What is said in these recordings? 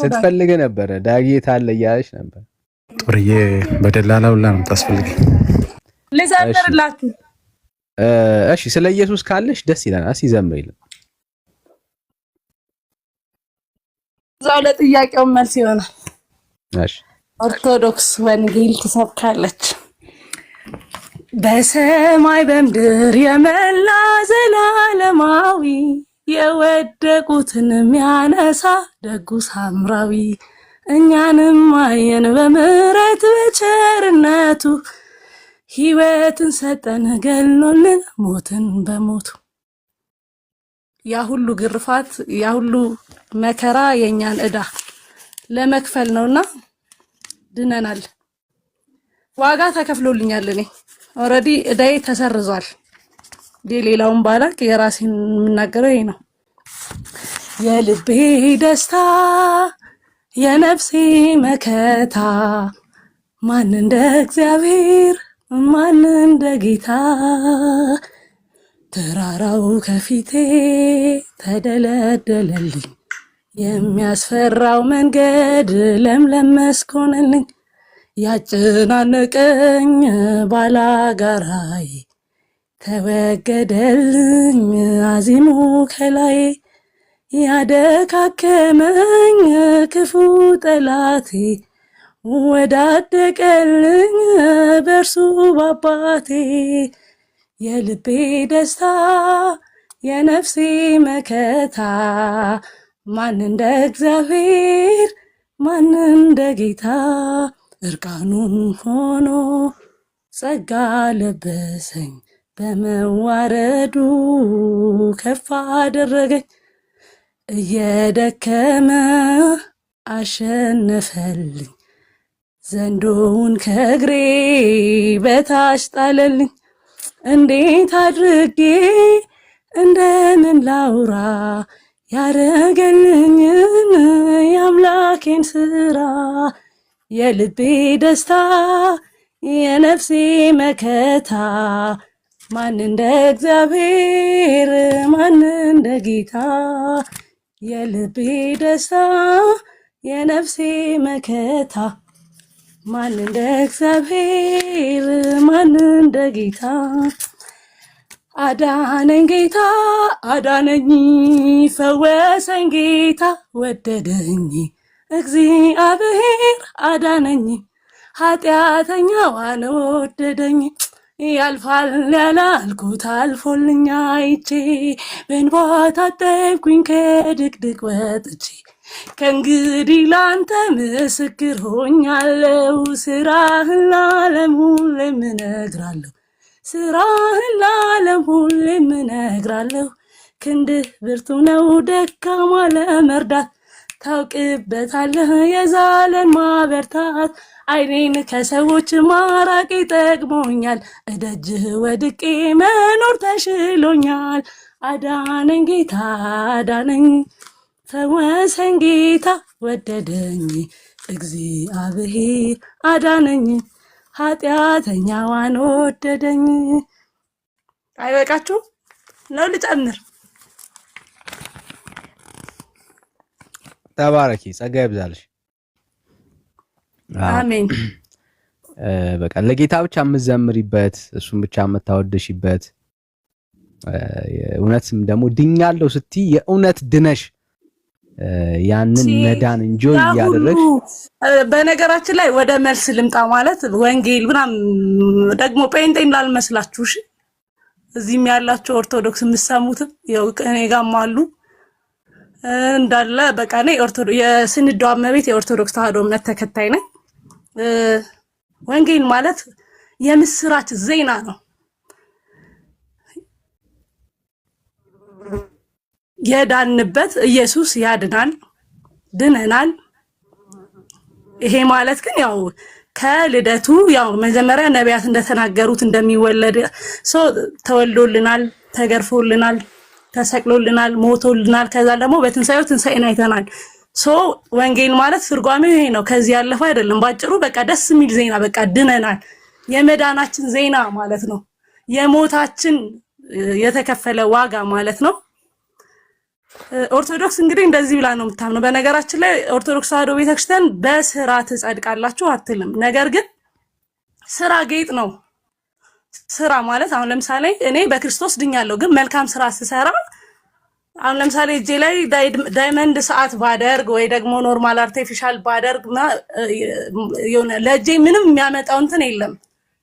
ስትፈልግ ነበረ ዳጌት አለ እያለች ነበር። ጥርዬ በደላላ ሁላ ነው የምታስፈልገኝ። ልዘምርላችሁ? እሺ፣ ስለ ኢየሱስ ካለሽ ደስ ይለናል። እስኪ ዘምር ይለን እዛው ለጥያቄው መልስ ይሆናል። ኦርቶዶክስ ወንጌል ትሰብካለች። በሰማይ በምድር የመላ ዘላለማዊ የወደቁትን የሚያነሳ ደጉ ሳምራዊ እኛንም አየን በምሕረት በቸርነቱ ህይወትን ሰጠን ገልኖልን ሞትን በሞቱ ያ ሁሉ ግርፋት ያ ሁሉ መከራ የእኛን እዳ ለመክፈል ነውና ድነናል። ዋጋ ተከፍሎልኛል። እኔ ኦልሬዲ ዕዳዬ ተሰርዟል። ሌላውን ባላቅ የራሴን የምናገረው ይሄ ነው። የልቤ ደስታ የነፍሴ መከታ ማን እንደ እግዚአብሔር ማን እንደ ጌታ ተራራው ከፊቴ ተደለደለልኝ የሚያስፈራው መንገድ ለምለም መስክ ሆነልኝ ያጨናነቀኝ ባላጋራዬ ተወገደልኝ አዚሙ ከላይ ያደካከመኝ ክፉ ጠላቴ ወዳደቀልኝ በርሱ ባባቴ የልቤ ደስታ የነፍሴ መከታ ማን እንደ እግዚአብሔር ማን እንደ ጌታ እርቃኑን ሆኖ ጸጋ ለበሰኝ በመዋረዱ ከፍ አደረገኝ። እየደከመ አሸነፈልኝ፣ ዘንዶውን ከእግሬ በታች ጣለልኝ። እንዴት አድርጌ እንደምን ላውራ ያረገልኝን የአምላኬን ስራ የልቤ ደስታ የነፍሴ መከታ ማን እንደ እግዚአብሔር ማን እንደ ጌታ የልቤ ደስታ የነፍሴ መከታ ማን እንደ እግዚአብሔር ማን እንደ ጌታ አዳነኝ ጌታ አዳነኝ ፈወሰኝ ጌታ ወደደኝ እግዚአብሔር አዳነኝ ኃጢአተኛዋን ወደደኝ ያልፋል ያላልኩት አልፎልኛ አይቼ በእንባ ታጠብኩኝ ከድቅድቅ ወጥቼ ከእንግዲህ ላንተ ምስክር ሆኛለሁ። ስራህን ላለም ሁሌም እነግራለሁ። ስራህን ላለም ሁሌም እነግራለሁ። ክንድህ ብርቱ ነው ደካማ ለመርዳት ታውቅበታለህ የዛለን ማበርታት አይኔን ከሰዎች ማራቂ ጠቅሞኛል። እደጅህ ወድቄ መኖር ተሽሎኛል። አዳነኝ ጌታ አዳነኝ፣ ፈወሰኝ ጌታ ወደደኝ እግዚአብሔር አዳነኝ፣ ኃጢአተኛዋን ወደደኝ። አይበቃችሁ ነው? ልጨምር? ተባረኪ፣ ጸጋ ይብዛልሽ። አሜን። በቃ ለጌታ ብቻ የምትዘምሪበት እሱን ብቻ የምታወደሽበት እውነትም ደግሞ ድኛለሁ ስትይ የእውነት ድነሽ ያንን መዳን እንጆ እያደረግሽ በነገራችን ላይ ወደ መልስ ልምጣ ማለት ወንጌል ምናምን ደግሞ ጴንጤም ላልመስላችሁ እሺ እዚህም ያላቸው ኦርቶዶክስ የምሰሙትም እኔ ጋም አሉ እንዳለ በቃ እኔ የስንዳው እመቤት የኦርቶዶክስ ተዋህዶ እምነት ተከታይ ነኝ ወንጌል ማለት የምስራች ዜና ነው። የዳንበት ኢየሱስ ያድናል፣ ድነናል። ይሄ ማለት ግን ያው ከልደቱ ያው መጀመሪያ ነቢያት እንደተናገሩት እንደሚወለድ ሰው ተወልዶልናል፣ ተገርፎልናል፣ ተሰቅሎልናል፣ ሞቶልናል። ከዛ ደግሞ በትንሳኤው ትንሳኤን አይተናል። ሶ ወንጌል ማለት ትርጓሜው ይሄ ነው። ከዚህ ያለፈ አይደለም። ባጭሩ በቃ ደስ የሚል ዜና፣ በቃ ድነናል፣ የመዳናችን ዜና ማለት ነው። የሞታችን የተከፈለ ዋጋ ማለት ነው። ኦርቶዶክስ እንግዲህ እንደዚህ ብላ ነው የምታምነው። በነገራችን ላይ ኦርቶዶክስ ተዋህዶ ቤተክርስቲያን በስራ ትጸድቃላችሁ አትልም። ነገር ግን ስራ ጌጥ ነው። ስራ ማለት አሁን ለምሳሌ እኔ በክርስቶስ ድኛለሁ፣ ግን መልካም ስራ ስሰራ አሁን ለምሳሌ እጄ ላይ ዳይመንድ ሰዓት ባደርግ ወይ ደግሞ ኖርማል አርቲፊሻል ባደርግ የሆነ ለእጄ ምንም የሚያመጣው እንትን የለም።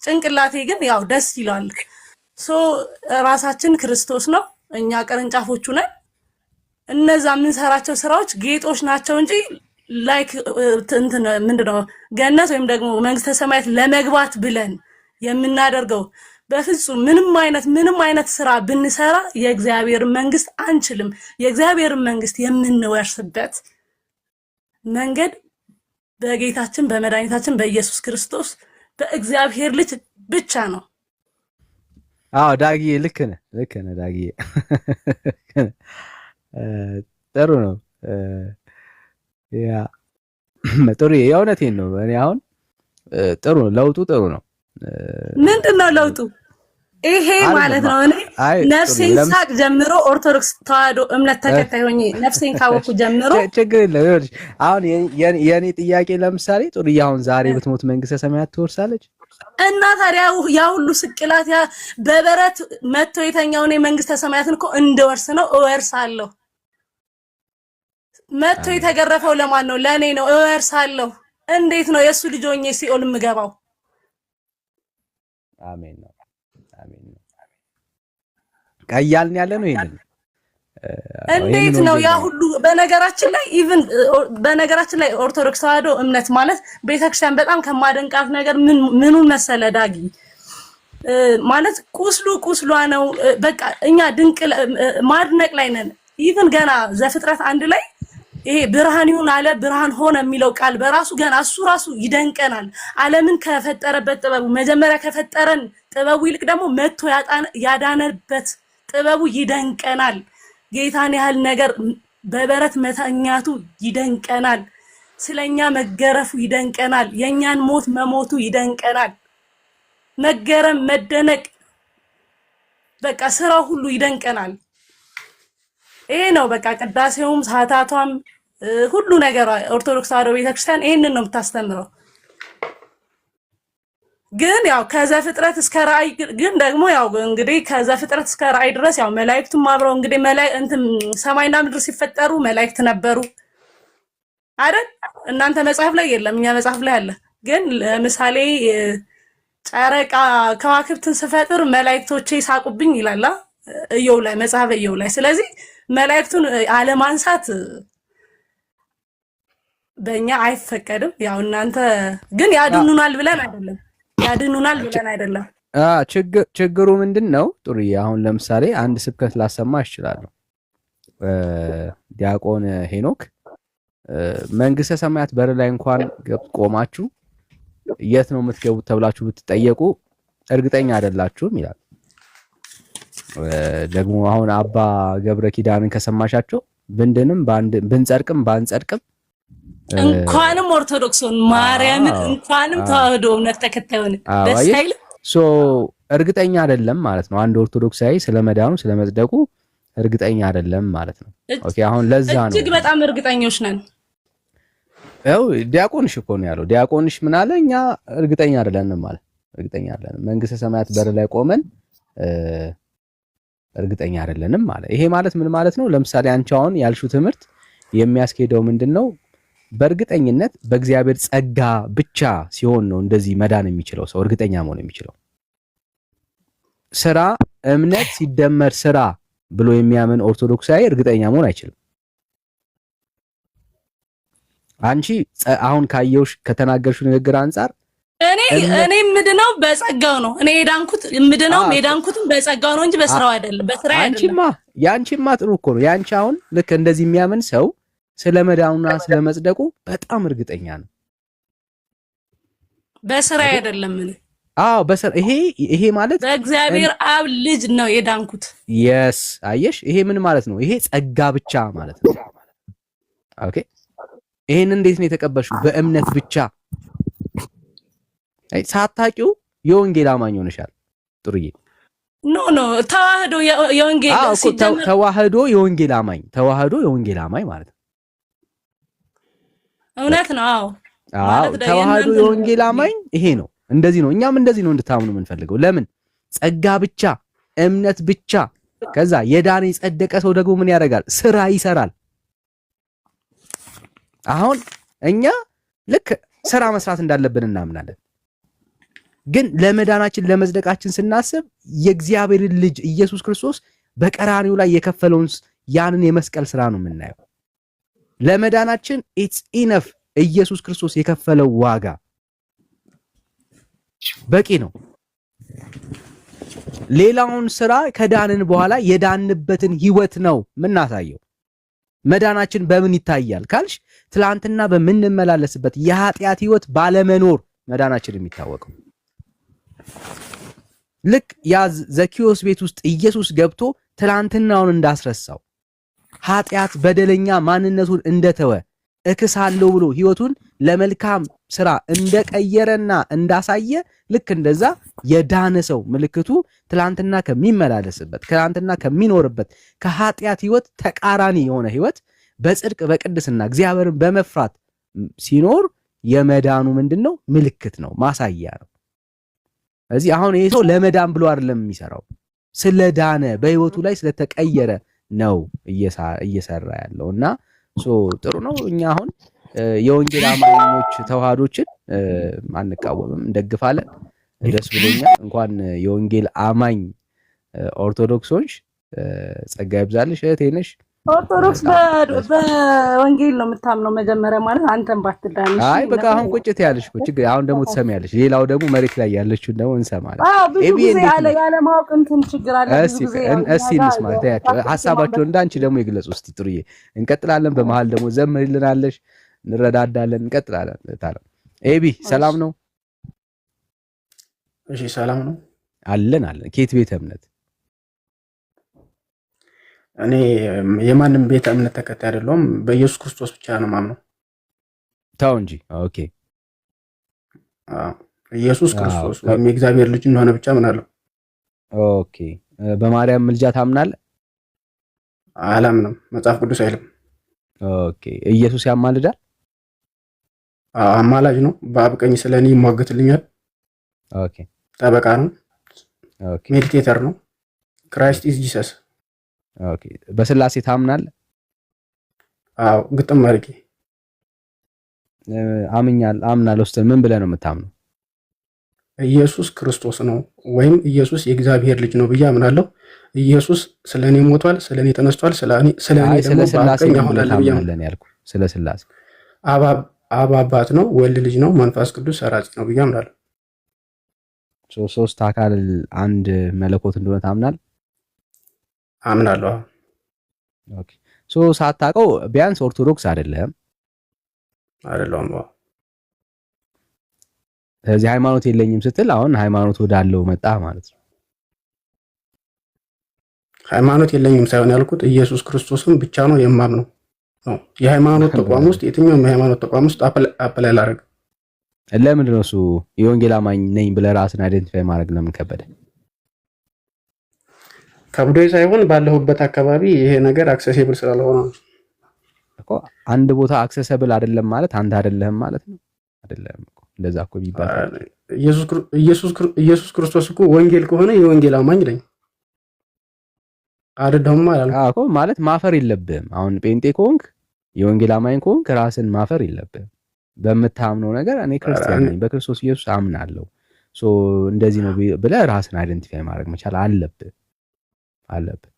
ጭንቅላቴ ግን ያው ደስ ይላል። ሶ ራሳችን ክርስቶስ ነው፣ እኛ ቅርንጫፎቹ ነን። እነዛ የምንሰራቸው ስራዎች ጌጦች ናቸው እንጂ ላይክ ምንድነው ገነት ወይም ደግሞ መንግስተ ሰማያት ለመግባት ብለን የምናደርገው በፍጹም ምንም አይነት ምንም አይነት ስራ ብንሰራ የእግዚአብሔር መንግስት አንችልም። የእግዚአብሔር መንግስት የምንወርስበት መንገድ በጌታችን በመድኃኒታችን በኢየሱስ ክርስቶስ በእግዚአብሔር ልጅ ብቻ ነው። አዎ ዳግዬ፣ ልክ ነህ፣ ልክ ነህ ዳግዬ። ጥሩ ነው፣ ያ ጥሩ የእውነቴን ነው። እኔ አሁን ጥሩ ለውጡ ጥሩ ነው። ምንድን ነው ለውጡ? ይሄ ማለት ነው። እኔ ነፍሴን ሳቅ ጀምሮ ኦርቶዶክስ ተዋህዶ እምነት ተከታይ ሆኜ ነፍሴን ካወቅኩ ጀምሮ ችግር የለም። ይኸውልሽ አሁን የእኔ ጥያቄ ለምሳሌ ጥሩ፣ አሁን ዛሬ ብትሞት መንግስተ ሰማያት ትወርሳለች እና ታዲያ ያ ሁሉ ስቅላት ያ በበረት መቶ የተኛው እኔ መንግስተ ሰማያትን እኮ እንደወርስ ነው እወርሳለሁ። መጥቶ የተገረፈው ለማን ነው? ለእኔ ነው፣ እወርሳለሁ። እንዴት ነው የእሱ ልጅ ሆኜ ሲኦል የምገባው? አሜን ነው እያልን ያለ ነው። ይሄንን እንዴት ነው ያ ሁሉ በነገራችን ላይ ኢቭን በነገራችን ላይ ኦርቶዶክስ ተዋህዶ እምነት ማለት ቤተክርስቲያን በጣም ከማደንቃት ነገር ምኑ መሰለ ዳጊ ማለት ቁስሉ ቁስሏ ነው። በቃ እኛ ድንቅ ማድነቅ ላይ ነን። ኢቭን ገና ዘፍጥረት አንድ ላይ ይሄ ብርሃን ይሁን አለ፣ ብርሃን ሆነ የሚለው ቃል በራሱ ገና እሱ ራሱ ይደንቀናል። ዓለምን ከፈጠረበት ጥበቡ መጀመሪያ ከፈጠረን ጥበቡ ይልቅ ደግሞ መጥቶ ያዳነበት ጥበቡ ይደንቀናል። ጌታን ያህል ነገር በበረት መተኛቱ ይደንቀናል። ስለኛ መገረፉ ይደንቀናል። የኛን ሞት መሞቱ ይደንቀናል። መገረም፣ መደነቅ በቃ ስራው ሁሉ ይደንቀናል። ይሄ ነው በቃ ቅዳሴውም፣ ሰዓታቷም ሁሉ ነገር ኦርቶዶክስ ተዋሕዶ ቤተክርስቲያን ይሄንን ነው የምታስተምረው። ግን ያው ከዘፍጥረት እስከ ራእይ ግን ደግሞ ያው እንግዲህ ከዘፍጥረት እስከ ራእይ ድረስ ያው መላእክቱም አብረው እንግዲህ መላእክት እንትን ሰማይና ምድር ሲፈጠሩ መላእክት ነበሩ አይደል? እናንተ መጽሐፍ ላይ የለም፣ እኛ መጽሐፍ ላይ አለ። ግን ለምሳሌ ጨረቃ ከዋክብትን ስፈጥር መላእክቶቼ ይሳቁብኝ ይላል እየው ላይ መጽሐፍ እየው ላይ። ስለዚህ መላእክቱን አለማንሳት በእኛ አይፈቀድም። ያው እናንተ ግን ያድኑናል ብለን አይደለም ያድኑናል ብለን አይደለም። ችግሩ ምንድን ነው? ጥሩዬ፣ አሁን ለምሳሌ አንድ ስብከት ላሰማ ይችላሉ። ዲያቆን ሄኖክ መንግስተ ሰማያት በር ላይ እንኳን ቆማችሁ የት ነው የምትገቡት ተብላችሁ ብትጠየቁ እርግጠኛ አይደላችሁም ይላል። ደግሞ አሁን አባ ገብረ ኪዳንን ከሰማሻቸው ብንድንም ብንጸድቅም ባንጸድቅም እንኳንም ኦርቶዶክስ ሆን ማርያምን እንኳንም ተዋህዶ እምነት ተከታዩን ሆን ደስ አይልም። እርግጠኛ አይደለም ማለት ነው። አንድ ኦርቶዶክሳዊ ስለ መዳኑ ስለ መጽደቁ እርግጠኛ አይደለም ማለት ነው። ኦኬ አሁን ለዛ ነው እጅግ በጣም እርግጠኞች ነን። ያው ዲያቆንሽ እኮ ነው ያለው። ዲያቆንሽ ምን አለ? እኛ እርግጠኛ አይደለንም ማለት እርግጠኛ አይደለንም። መንግስተ ሰማያት በር ላይ ቆመን እርግጠኛ አይደለንም ማለት። ይሄ ማለት ምን ማለት ነው? ለምሳሌ አንቺ አሁን ያልሽው ትምህርት የሚያስኬደው ምንድን ነው? በእርግጠኝነት በእግዚአብሔር ጸጋ ብቻ ሲሆን ነው እንደዚህ መዳን የሚችለው ሰው እርግጠኛ መሆን የሚችለው። ስራ እምነት ሲደመር ስራ ብሎ የሚያምን ኦርቶዶክሳዊ እርግጠኛ መሆን አይችልም። አንቺ አሁን ካየውሽ ከተናገርሽው ንግግር አንጻር እኔ እኔ ምድነው በጸጋው ነው። እኔ የዳንኩት ምድነው የዳንኩትም በጸጋው ነው እንጂ በስራው አይደለም። በስራ አንቺማ ያንቺማ ያንቺማ ጥሩ እኮ ነው። ያንቺ አሁን ልክ እንደዚህ የሚያምን ሰው ስለ መዳኑና ስለ መጽደቁ በጣም እርግጠኛ ነው። በስራ አይደለም። አዎ በስራ ይሄ ይሄ ማለት በእግዚአብሔር አብ ልጅ ነው የዳንኩት። የስ አየሽ፣ ይሄ ምን ማለት ነው? ይሄ ጸጋ ብቻ ማለት ነው። ኦኬ፣ ይሄን እንዴት ነው የተቀበልሽው? በእምነት ብቻ። አይ ሳታውቂው የወንጌል አማኝ ሆነሻል። ጥሩዬ ኖ ኖ ተዋህዶ የወንጌል ተዋህዶ የወንጌል አማኝ ተዋህዶ የወንጌል አማኝ ማለት ነው። እውነት ነው። አዎ ተዋህዶ የወንጌል አማኝ ይሄ ነው። እንደዚህ ነው። እኛም እንደዚህ ነው እንድታምኑ የምንፈልገው። ለምን ጸጋ ብቻ እምነት ብቻ። ከዛ የዳነ የጸደቀ ሰው ደግሞ ምን ያደርጋል? ስራ ይሰራል። አሁን እኛ ልክ ስራ መስራት እንዳለብን እናምናለን። ግን ለመዳናችን ለመጽደቃችን ስናስብ የእግዚአብሔርን ልጅ ኢየሱስ ክርስቶስ በቀራኒው ላይ የከፈለውን ያንን የመስቀል ስራ ነው የምናየው። ለመዳናችን ኢትስ ኢነፍ ኢየሱስ ክርስቶስ የከፈለው ዋጋ በቂ ነው። ሌላውን ስራ ከዳንን በኋላ የዳንበትን ህይወት ነው የምናሳየው። መዳናችን በምን ይታያል ካልሽ፣ ትላንትና በምንመላለስበት የኃጢአት ህይወት ባለመኖር መዳናችን የሚታወቀው ልክ ያ ዘኪዎስ ቤት ውስጥ ኢየሱስ ገብቶ ትላንትናውን እንዳስረሳው ኃጢአት በደለኛ ማንነቱን እንደተወ እክሳለሁ ብሎ ህይወቱን ለመልካም ስራ እንደቀየረና እንዳሳየ ልክ እንደዛ የዳነ ሰው ምልክቱ ትላንትና ከሚመላለስበት ትላንትና ከሚኖርበት ከኃጢአት ህይወት ተቃራኒ የሆነ ህይወት በጽድቅ በቅድስና እግዚአብሔርን በመፍራት ሲኖር የመዳኑ ምንድን ነው? ምልክት ነው፣ ማሳያ ነው። እዚህ አሁን ይሄ ሰው ለመዳን ብሎ አይደለም የሚሰራው፣ ስለዳነ በህይወቱ ላይ ስለተቀየረ ነው እየሰራ ያለው እና ጥሩ ነው። እኛ አሁን የወንጌል አማኞች ተዋህዶችን አንቃወምም፣ እንደግፋለን። ደስ ብሎኛል። እንኳን የወንጌል አማኝ ኦርቶዶክሶች ጸጋ ይብዛልሽ እህቴ ነሽ። ኦርቶዶክስ በወንጌል ነው የምታምነው። መጀመሪያ ማለት አንተን ባትዳን። አይ በቃ አሁን ቁጭት ያለሽ ቁጭ አሁን ደግሞ ትሰሚያለሽ። ሌላው ደግሞ መሬት ላይ ያለችውን ደግሞ እንሰማለን። ያለማወቅ እንትን ችግር አለ። እስቲ እንስማ፣ ተያቸው ሀሳባቸውን አንቺ ደግሞ የግለጽ ውስጥ ጥሩዬ። እንቀጥላለን። በመሀል ደግሞ ዘምሪልናለሽ፣ እንረዳዳለን። እንቀጥላለን። ታለ ኤቢ ሰላም ነው? እሺ ሰላም ነው አለን አለን። ኬት ቤተ እምነት እኔ የማንም ቤተ እምነት ተከታይ አይደለሁም። በኢየሱስ ክርስቶስ ብቻ ነው ማምነው። ተው እንጂ ኦኬ። ኢየሱስ ክርስቶስ ወይም የእግዚአብሔር ልጅ እንደሆነ ብቻ ምናለው። ኦኬ። በማርያም ምልጃ ታምናለህ? አላምንም። መጽሐፍ ቅዱስ አይልም። ኦኬ። ኢየሱስ ያማልዳል? አማላጅ ነው። በአብ ቀኝ ስለ እኔ ይሟገትልኛል። ኦኬ። ጠበቃ ነው። ሜዲቴተር ነው። ክራይስት ኢዝ ጂሰስ በስላሴ ታምናል? አዎ ግጥም አድርጌ አምኛል አምናለሁ ስትል ምን ብለህ ነው የምታምነው? ኢየሱስ ክርስቶስ ነው ወይም ኢየሱስ የእግዚአብሔር ልጅ ነው ብዬ አምናለሁ። ኢየሱስ ስለ እኔ ሞቷል፣ ስለ እኔ ተነስቷል፣ ስለ እኔ ስለ እኔ ደግሞ ያልኩህ ስለ ስላሴ አብ አባት ነው፣ ወልድ ልጅ ነው፣ መንፈስ ቅዱስ ሰራጺ ነው ብዬ አምናለሁ። ሶስት አካል አንድ መለኮት እንደሆነ ታምናል? አምናለሁ። ሶ ሳታውቀው ቢያንስ ኦርቶዶክስ አይደለም አይደለሁም። ስለዚህ ሃይማኖት የለኝም ስትል አሁን ሃይማኖት ወዳለው መጣ ማለት ነው። ሃይማኖት የለኝም ሳይሆን ያልኩት ኢየሱስ ክርስቶስም ብቻ ነው የማምነው ነው። የሃይማኖት ተቋም ውስጥ የትኛውም የሃይማኖት ተቋም ውስጥ አፕላይ ላደርግ ለምንድን ነው እሱ የወንጌል አማኝ ነኝ ብለህ ራስን አይደንቲፋይ ማድረግ ለምን ከበደ? ከብዶ ሳይሆን ባለሁበት አካባቢ ይሄ ነገር አክሰሲብል ስላልሆነ እኮ አንድ ቦታ አክሰሰብል አይደለም ማለት አንተ አይደለህም ማለት ነው። አይደለም እኮ እንደዛ እኮ ቢባል ኢየሱስ ክርስቶስ እኮ ወንጌል ከሆነ የወንጌል አማኝ ነኝ አይደለሁም አላልኩም። ማለት ማፈር የለብህም። አሁን ጴንጤ ከሆንክ የወንጌል አማኝ ከሆንክ ራስን ማፈር የለብህም። በምታምነው ነገር እኔ ክርስቲያን ነኝ፣ በክርስቶስ ኢየሱስ አምናለሁ፣ እንደዚህ ነው ብለህ ራስን አይደንቲፋይ ማድረግ መቻል አለብህ። አለብን።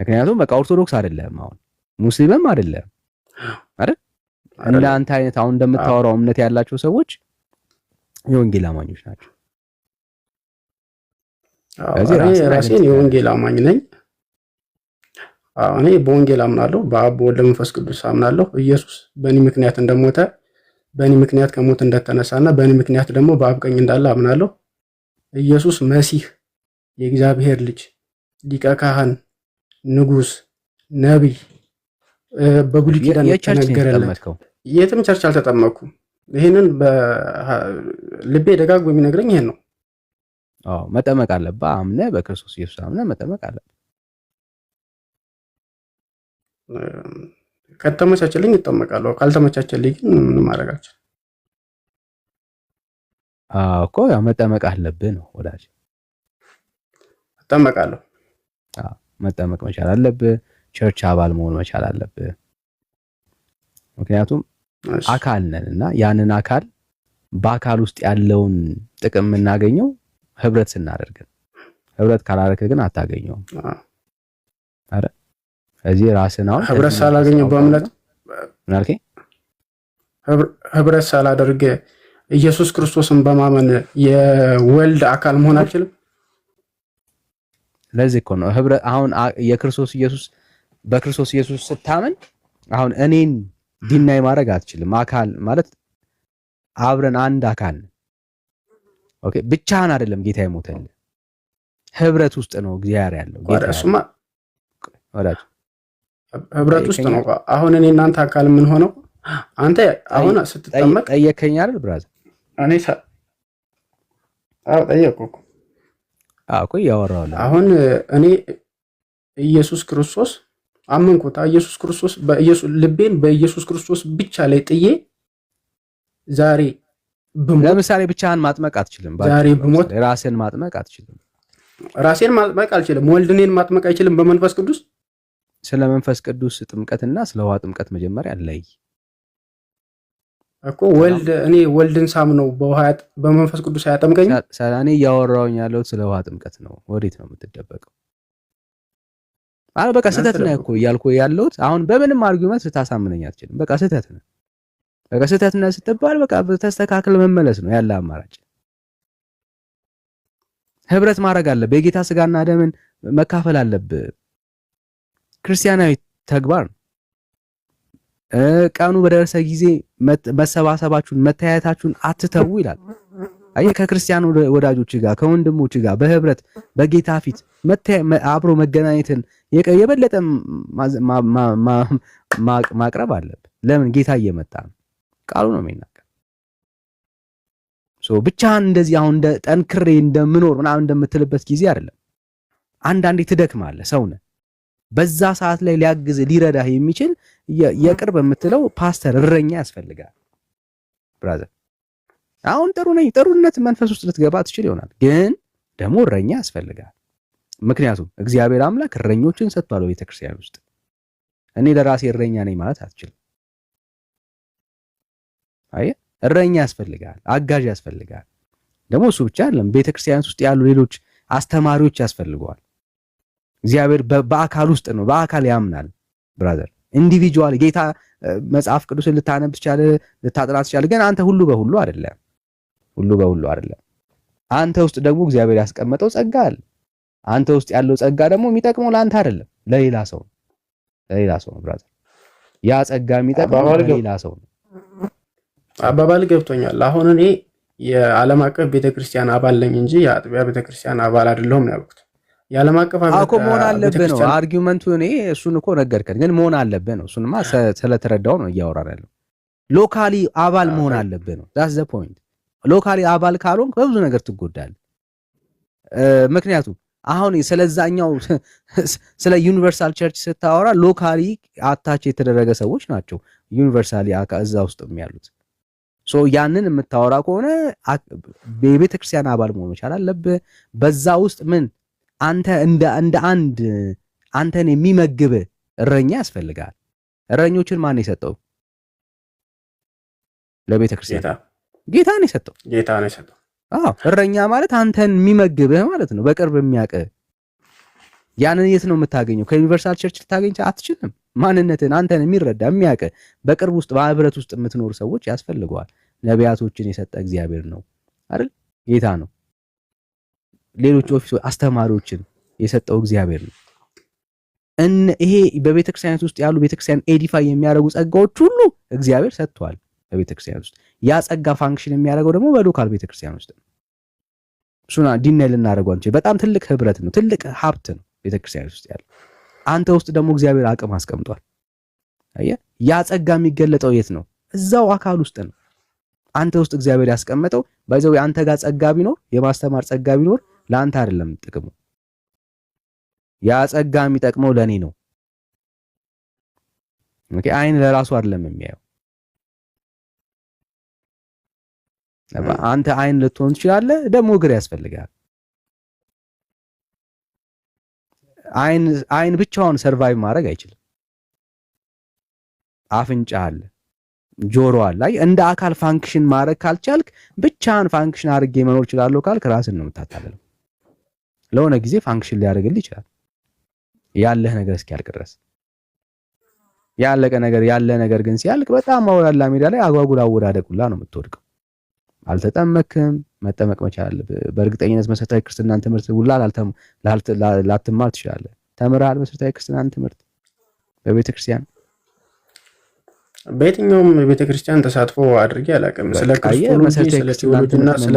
ምክንያቱም በቃ ኦርቶዶክስ አይደለም፣ አሁን ሙስሊምም አይደለም አይደል? እንደ አንተ አይነት አሁን እንደምታወራው እምነት ያላቸው ሰዎች የወንጌል አማኞች ናቸው። እኔ ራሴን የወንጌል አማኝ ነኝ። እኔ በወንጌል አምናለሁ፣ በአብ ወልድ መንፈስ ቅዱስ አምናለሁ። ኢየሱስ በእኔ ምክንያት እንደሞተ፣ በእኔ ምክንያት ከሞት እንደተነሳና በእኔ ምክንያት ደግሞ በአብ ቀኝ እንዳለ አምናለሁ። ኢየሱስ መሲህ የእግዚአብሔር ልጅ ሊቀ ካህን፣ ንጉስ፣ ነቢይ በብሉይ ኪዳን የተነገረለት የትም ቸርች አልተጠመኩም። ይህንን ልቤ ደጋግቦ የሚነግረኝ ይሄን ነው። መጠመቅ አለባ አምነ በክርስቶስ ኢየሱስ አምነ መጠመቅ አለ። ከተመቻቸልኝ ይጠመቃለሁ፣ ካልተመቻቸልኝ ግን ምን ማድረግ አልችልም እኮ። ያው መጠመቅ አለብህ ነው ወዳጅ። እጠመቃለሁ በቃ መጠመቅ መቻል አለብህ። ቸርች አባል መሆን መቻል አለብህ። ምክንያቱም አካል ነን እና ያንን አካል በአካል ውስጥ ያለውን ጥቅም የምናገኘው ህብረት ስናደርግን፣ ህብረት ካላረክ ግን አታገኘውም። አረ እዚህ ራስን አሁን ህብረት ሳላገኘ በእምነት ህብረት ሳላደርግ ኢየሱስ ክርስቶስን በማመን የወልድ አካል መሆን አልችልም። ለዚህ እኮ ነው ህብረ አሁን የክርስቶስ ኢየሱስ በክርስቶስ ኢየሱስ ስታምን አሁን እኔን ዲናይ ማድረግ አትችልም። አካል ማለት አብረን አንድ አካል ኦኬ ብቻህን አይደለም ጌታ የሞተልህ ህብረት ውስጥ ነው እግዚአብሔር ያለው ጌታሱማ ወላጅ ህብረት ውስጥ ነው። አሁን እኔ እናንተ አካል የምንሆነው አንተ አሁን ስትጠመቅ ጠየከኝ አይደል ብራዘር? እኔ አዎ ጠየቅኩ። አቁይ ያወራው አሁን እኔ ኢየሱስ ክርስቶስ አመንኩታ ኢየሱስ ክርስቶስ በኢየሱስ ልቤን በኢየሱስ ክርስቶስ ብቻ ላይ ጥዬ ዛሬ ብሞት፣ ለምሳሌ ብቻህን ማጥመቅ አትችልም። ዛሬ ብሞት ራሴን ማጥመቅ አትችልም። ራሴን ማጥመቅ አልችልም። ወልድኔን ማጥመቅ አይችልም። በመንፈስ ቅዱስ ስለ መንፈስ ቅዱስ ጥምቀትና ስለ ውሃ ጥምቀት መጀመሪያ ለይ እኮ ወልድ እኔ ወልድን ሳም ነው በመንፈስ ቅዱስ አያጠምቀኝ። እኔ እያወራውኝ ያለው ስለ ውሃ ጥምቀት ነው። ወዴት ነው የምትደበቀው? አረ በቃ ስህተት ነህ እኮ እያልኩ ያለሁት አሁን በምንም አርጊመንት ልታሳምነኝ አትችልም። በቃ ስህተት ነህ፣ በቃ ስህተት ነህ ስትባል በቃ ተስተካክል መመለስ ነው ያለ አማራጭ። ህብረት ማድረግ አለብህ። የጌታ ስጋና ደምን መካፈል አለብህ። ክርስቲያናዊ ተግባር ነው። ቀኑ በደረሰ ጊዜ መሰባሰባችሁን መተያየታችሁን አትተዉ ይላል። አይ ከክርስቲያን ወዳጆች ጋር ከወንድሞች ጋር በህብረት በጌታ ፊት አብሮ መገናኘትን የበለጠ ማቅረብ አለብን። ለምን ጌታ እየመጣ ነው፣ ቃሉ ነው የሚናገር። ብቻህን እንደዚህ አሁን እንደ ጠንክሬ እንደምኖር ምናምን እንደምትልበት ጊዜ አይደለም። አንዳንዴ ትደክማለህ ሰውነት በዛ ሰዓት ላይ ሊያግዝ ሊረዳህ የሚችል የቅርብ የምትለው ፓስተር እረኛ ያስፈልጋል። ብራዘር አሁን ጥሩ ነኝ ጥሩነት መንፈስ ውስጥ ልትገባ ትችል ይሆናል፣ ግን ደግሞ እረኛ ያስፈልጋል። ምክንያቱም እግዚአብሔር አምላክ እረኞችን ሰጥቷል በቤተክርስቲያን ውስጥ። እኔ ለራሴ እረኛ ነኝ ማለት አትችልም። አየህ፣ እረኛ ያስፈልጋል፣ አጋዥ ያስፈልጋል። ደግሞ እሱ ብቻ አይደለም፣ ቤተክርስቲያን ውስጥ ያሉ ሌሎች አስተማሪዎች ያስፈልገዋል። እግዚአብሔር በአካል ውስጥ ነው፣ በአካል ያምናል ብራዘር። ኢንዲቪጁዋል ጌታ መጽሐፍ ቅዱስን ልታነብ ትቻለ፣ ልታጥናት ትቻለ። ግን አንተ ሁሉ በሁሉ አይደለም፣ ሁሉ በሁሉ አይደለም። አንተ ውስጥ ደግሞ እግዚአብሔር ያስቀመጠው ጸጋ አለ። አንተ ውስጥ ያለው ጸጋ ደግሞ የሚጠቅመው ለአንተ አይደለም፣ ለሌላ ሰው ነው፣ ለሌላ ሰው ነው ብራዘር። ያ ጸጋ የሚጠቅመው ለሌላ ሰው ነው። አባባል ገብቶኛል። አሁን እኔ የዓለም አቀፍ ቤተክርስቲያን አባል ነኝ እንጂ የአጥቢያ ቤተክርስቲያን አባል አይደለሁም ነው ያልኩት። የዓለም አቀፍ እኮ መሆን አለብህ ነው አርጊመንቱ። እኔ እሱን እኮ ነገርከን፣ ግን መሆን አለብህ ነው። እሱንማ ስለተረዳው ነው እያወራን ያለው። ሎካሊ አባል መሆን አለብህ ነው። ዛስ ዘ ፖይንት። ሎካሊ አባል ካልሆን በብዙ ነገር ትጎዳለህ። ምክንያቱም አሁን ስለዛኛው ስለ ዩኒቨርሳል ቸርች ስታወራ ሎካሊ አታች የተደረገ ሰዎች ናቸው ዩኒቨርሳሊ እዛ ውስጥ ያሉት። ሶ ያንን የምታወራ ከሆነ የቤተክርስቲያን አባል መሆን መቻል አለብህ። በዛ ውስጥ ምን አንተ እንደ እንደ አንድ አንተን የሚመግብ እረኛ ያስፈልጋል። እረኞችን ማን የሰጠው? ለቤተ ክርስቲያን ጌታ ነው የሰጠው። ጌታ ነው የሰጠው። አዎ እረኛ ማለት አንተን የሚመግብህ ማለት ነው። በቅርብ የሚያውቅህ ያንን የት ነው የምታገኘው? ከዩኒቨርሳል ቸርች ልታገኝ አትችልም። ማንነትን አንተን የሚረዳ የሚያቀ በቅርብ ውስጥ በህብረት ውስጥ የምትኖር ሰዎች ያስፈልገዋል። ነቢያቶችን የሰጠ እግዚአብሔር ነው አይደል? ጌታ ነው። ሌሎች ኦፊስ አስተማሪዎችን የሰጠው እግዚአብሔር ነው። እነ ይሄ በቤተክርስቲያን ውስጥ ያሉ ቤተክርስቲያን ኤዲፋይ የሚያደርጉ ጸጋዎች ሁሉ እግዚአብሔር ሰጥቷል በቤተክርስቲያን ውስጥ። ያ ጸጋ ፋንክሽን የሚያደርገው ደግሞ በሎካል ቤተክርስቲያን ውስጥ ነው። እሱና ዲነ ልናደርገው በጣም ትልቅ ህብረት ነው፣ ትልቅ ሀብት ነው ቤተክርስቲያን ውስጥ ያለ። አንተ ውስጥ ደግሞ እግዚአብሔር አቅም አስቀምጧል። አየህ፣ ያ ጸጋ የሚገለጠው የት ነው? እዛው አካል ውስጥ ነው። አንተ ውስጥ እግዚአብሔር ያስቀመጠው ባይዘው አንተ ጋር ጸጋ ቢኖር የማስተማር ጸጋ ቢኖር ለአንተ አይደለም ጥቅሙ። ያ ጸጋ የሚጠቅመው ለኔ ነው። ኦኬ አይን ለራሱ አይደለም የሚያየው። አንተ አይን ልትሆን ትችላለህ፣ ደግሞ እግር ያስፈልጋል። አይን አይን ብቻውን ሰርቫይቭ ማድረግ አይችልም። አፍንጫ አለ፣ ጆሮ አለ። አይ እንደ አካል ፋንክሽን ማድረግ ካልቻልክ ብቻን ፋንክሽን አድርጌ መኖር እችላለሁ ካልክ ራስን ነው የምታታለለው። ለሆነ ጊዜ ፋንክሽን ሊያደርግልህ ይችላል። ያለህ ነገር እስኪያልቅ ድረስ ያለቀ ነገር ያለ ነገር ግን ሲያልቅ በጣም አወላላ ሜዳ ላይ አጓጉል አወዳደቅ ነው የምትወድቀው። አልተጠመክም። መጠመቅ መቻል አለብህ። በእርግጠኝነት መሰረታዊ ክርስትናን ትምህርት ሁላ ላትማር ትችላለህ። ተምረሃል መሰረታዊ ክርስትናን ትምህርት በቤተ ክርስቲያን በየትኛውም ቤተ ክርስቲያን ተሳትፎ አድርጌ አላውቅም። ስለ ክርስቶሎጂ ስለ ቴዎሎጂና ስለ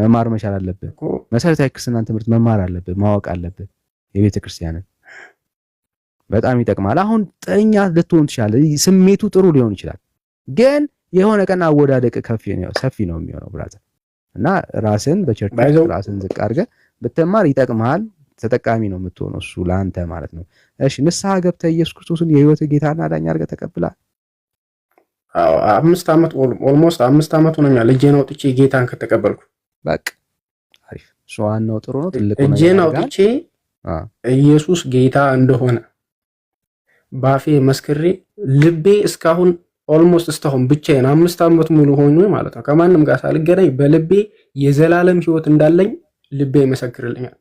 መማር መቻል አለብህ። መሰረታዊ ክርስትናን ትምህርት መማር አለብህ፣ ማወቅ አለብህ። የቤተ ክርስቲያንን በጣም ይጠቅማል። አሁን ጠኛ ልትሆን ትችላለህ። ስሜቱ ጥሩ ሊሆን ይችላል፣ ግን የሆነ ቀን አወዳደቅ ሰፊ ነው የሚሆነው ብራዘር እና ራስን በቸርች ራስን ዝቅ አድርገህ ብትማር ይጠቅማል ተጠቃሚ ነው የምትሆነው እሱ ለአንተ ማለት ነው። እሺ ንስሐ ገብተህ ኢየሱስ ክርስቶስን የህይወት ጌታና ዳኛ አድርገህ ተቀብለሃል። አምስት ዓመት ኦልሞስት አምስት ዓመት ሆነኛል። ልጄን አውጥቼ ጌታን ከተቀበልኩ በቃ አሪፍ። እሱ ዋናው ጥሩ ነው። ትልቁ እጄን አውጥቼ ኢየሱስ ጌታ እንደሆነ ባፌ መስክሬ ልቤ እስካሁን ኦልሞስት እስካሁን ብቻዬን አምስት ዓመት ሙሉ ሆኖ ማለት ነው ከማንም ጋር ሳልገናኝ በልቤ የዘላለም ሕይወት እንዳለኝ ልቤ ይመሰክርልኛል።